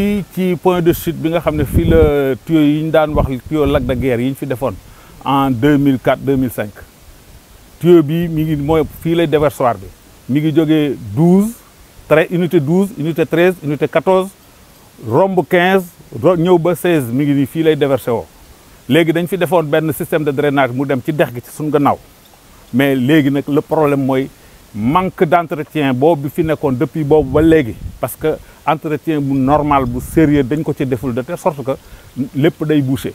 fii ci point de chute bi nga xam ne fii la tuyau yi ñu daan wax tuyau lac de guerre yi ñu fi defoon en 2004 2005 tuyau bi mi ngi mooy fii lay déversoir bi mi ngi jógee 12 très unité 12 unité 13 unité 14 romb 15 ñëw ba 16 mi ngi nii fii lay déversé woo léegi dañ fi defoon benn système de drainage mu dem ci dex gi ci suñu gannaaw mais léegi nag le problème mooy manque d'entretien bobu fi nekkoon depuis bobu ba léegi parce que entretien bu normal bu sérieux dañ ko ci deful de telle sorte que lepp day bouché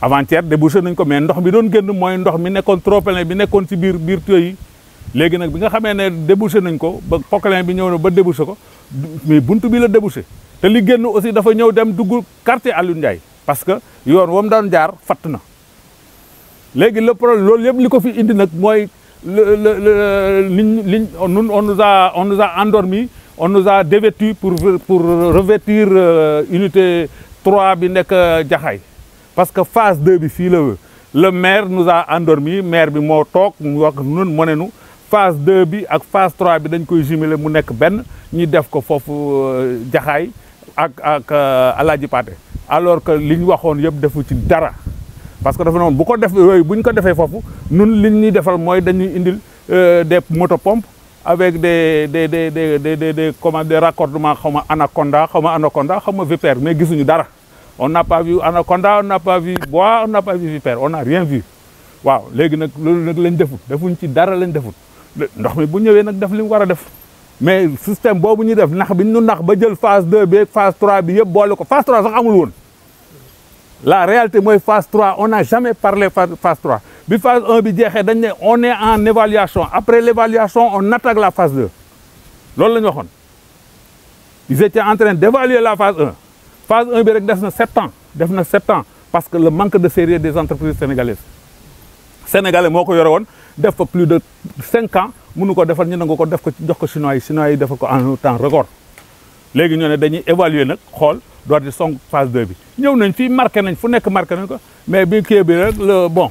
avant-hier débouché nañ ko mais ndox bi doon genn moy ndox mi nekkoon trop-plein bi nekkoon ci bir bir tuyaux yi nak bi nga xamé né débouché nañ ko ba poclin bi ñëw na ba débouché ko mais buntu bi la débouché té li genn aussi dafa ñëw dem duggu quartier Alioune Ndiaye parce que yoon wam daan jaar fatt na léegi le problème loolu yëpp li fi indi nak moy le, le, le, on, nous a, nous a endormis, on nous a dévêtus pour, pour revêtir euh, 3 bi nek euh, Parce que phase 2 bi fi le le maire nous a endormis, le maire bi mo tok mu wax phase 2 bi ak phase 3 bi dañ koy jumeler mu nek ben ñi def ko fofu Djakhay euh, ak ak euh, Aladji Paté. Alors que liñ waxone yeb defu ci dara. parce que dafa bu ko def yooyu bu ko defee foofu nun li ñuy defal mooy dañuy indil euh, des motopompes avec des des de des des des comment des raccordements xaw ma anaconda xaw ma anaconda xaw ma vipère mais gisuñu dara on n'a pas vu anaconda on n'a pas vu bois on n'a rien vu waaw léegi nag loolu nag lañ defut defuñ ci dara lañ defut ndox mi bu ñëwee nag def li mu war a def mais système boobu ñuy def nax bi ñu nax ba jël phase 2 bi phase 3 bi yëpp boole ko phase 3 sax amul woon. la réalité moi, phase 3 on n'a jamais parlé de phase 3 La phase 1 on est en évaluation après l'évaluation on attaque la phase 2 C'est ils étaient en train d'évaluer la phase 1 phase 1 il y a 7 ans parce que le manque de série des entreprises sénégalaises Les sénégalais ils ont fait plus de 5 ans Ils ont fait ñu chinois chinois en temps record les gens ne dañuy évaluer phase de vie. Nous nañ marqué nañ fu mais bi le bon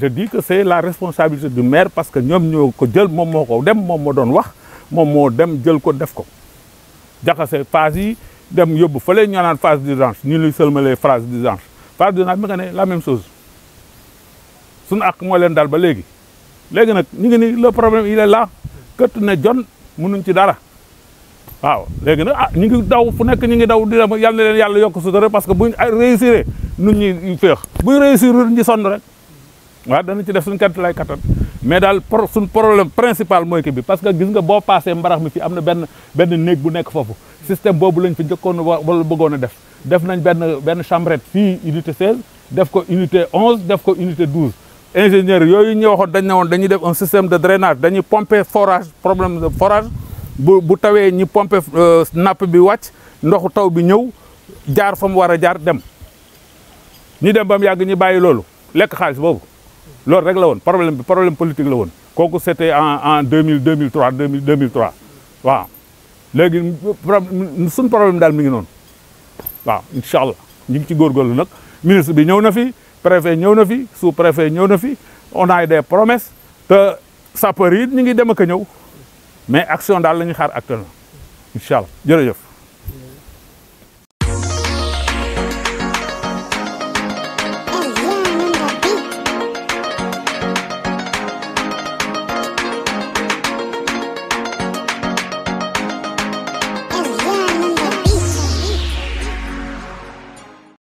je dis que c'est la responsabilité du maire parce que ñom ñoo jël mom dem mom mo doon wax mom dem jël ko def ko jaxase phase yi dem phase d'urgence seulement phase d'urgence phase d'urgence la même chose dal ba le problème il est là tu ne ci waaw léegi nag ah ñu ngi daw fu nekk ñu ngi daw di dem yal na leen yàlla yokk sutura parce que bu buñ réussir nun ñuy féex buñ réussir ñu sonn rek waaw dana ci def suñ kant lay kattan mais daal suñ problème principal mooy kii bi parce que gis nga boo paasee mbarax mi fi am na benn benn néeg bu nekk foofu système boobu lañ fi njëkkoon wala bëggoon a def def nañ benn benn chambrette fii unité 16 def ko unité 11 def ko unité 12 ingénieur yooyu ñu dañ ne woon dañuy def un système de drainage dañuy pomper forage problème de bu bu tawee ñi pompe euh, napp bi wàcc ndoxu taw bi ñëw jaar fa mu war a jaar dem ñu dem ba mu yàgg ñu bàyyi loolu lekk xaalis boobu loolu rek la woon problème bi problème politique la woon kooku c'était en en deux mille deux mille trois deux mille trois waaw léegi suñ problème daal mi ngi noonu waaw incha allah ñu ngi ci góorgóorlu nag ministre bi ñëw na fi préfet ñëw na fi su préfet ñëw na fi on a des promesses te sapeurs yi ñu ngi dem ak ñëw. mais action daal la ñuy xaar actuellement incha allah jërëjëf.